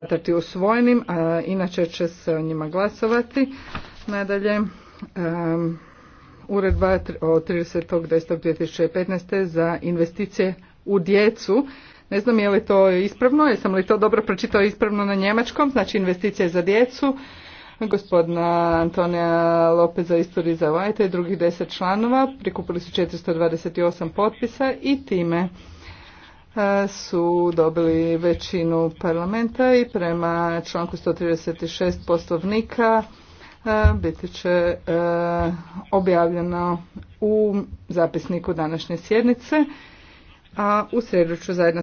smatrati usvojenim, a inače će se o njima glasovati. Nadalje, um, uredba od 30.10.2015. za investicije u djecu. Ne znam je li to ispravno, jesam li to dobro pročitao ispravno na njemačkom, znači investicije za djecu. Gospodina Antonija Lopeza za Vajta i drugih deset članova prikupili su 428 potpisa i time su dobili većinu parlamenta i prema članku 136 poslovnika biti će objavljeno u zapisniku današnje sjednice, a u sredu zajedno